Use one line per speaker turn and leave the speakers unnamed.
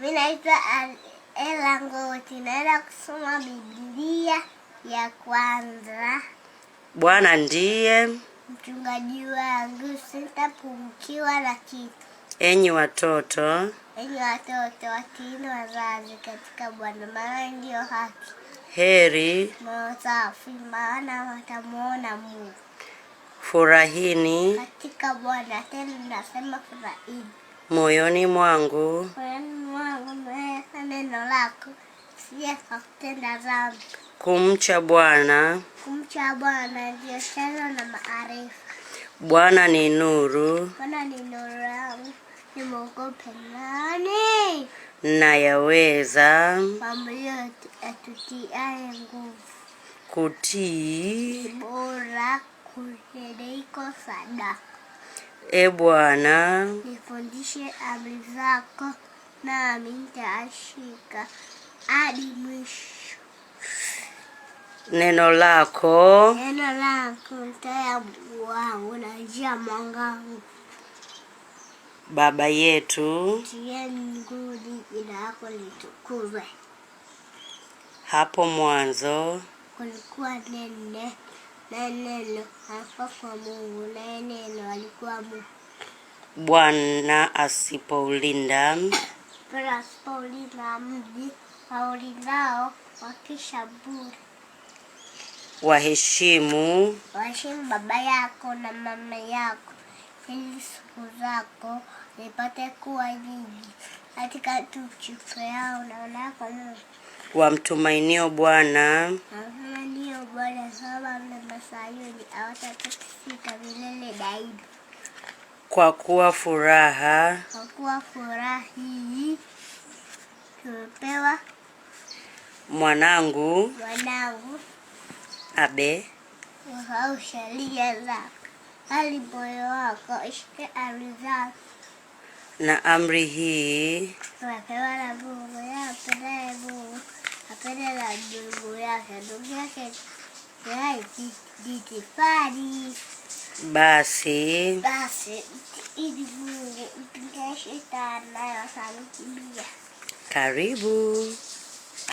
minaitwa naitwa Ella Ngoti, naenda kusoma Biblia ya kwanza.
Bwana ndiye
mchungaji wangu, sitapungukiwa na kitu.
Enyi watoto,
enyi watoto, watiini wazazi katika Bwana, maana ndio haki.
Heri
masafi maana watamwona Mungu.
Furahini
katika Bwana, tena nasema furahini
moyoni mwangu
neno lako sijakutenda dhambi.
Kumcha Bwana,
kumcha Bwana ndio chanzo na maarifa.
Bwana ni nuru,
Bwana ni nuru yangu, nimwogope nani?
Nayaweza
mambo yote atutiaye nguvu.
Kutii
bora kuhereiko sadaka.
E Bwana,
nifundishe amri zako, nami nitashika hadi mwisho.
Neno lako
neno lako taya wangu na njia mwangangu.
Baba yetu
uliye mbinguni, jina lako litukuzwe.
Hapo mwanzo
kulikuwa neno, na neno kwa Mungu, neno
Bwana asipoulinda
Bwana asipoulinda mji waulindao wakisha bure.
Waheshimu
waheshimu baba yako na mama yako, ili siku zako zipate kuwa nyingi katika nchi yao na wanako Mungu.
Wamtumainio Bwana
wamtumainio Bwana, sababu mlima Sayuni hawatatikisika milele daima.
Kwa kuwa furaha,
kwa kuwa furaha hii tumepewa
mwanangu,
mwanangu abe usahau sheria moyo wako ishike amri zako.
Na amri hii
tumepewa na Mungu, yeye ampendaye Mungu apende na ndugu yake, ndugu yake ni itifari
basi
basi ili
Karibu.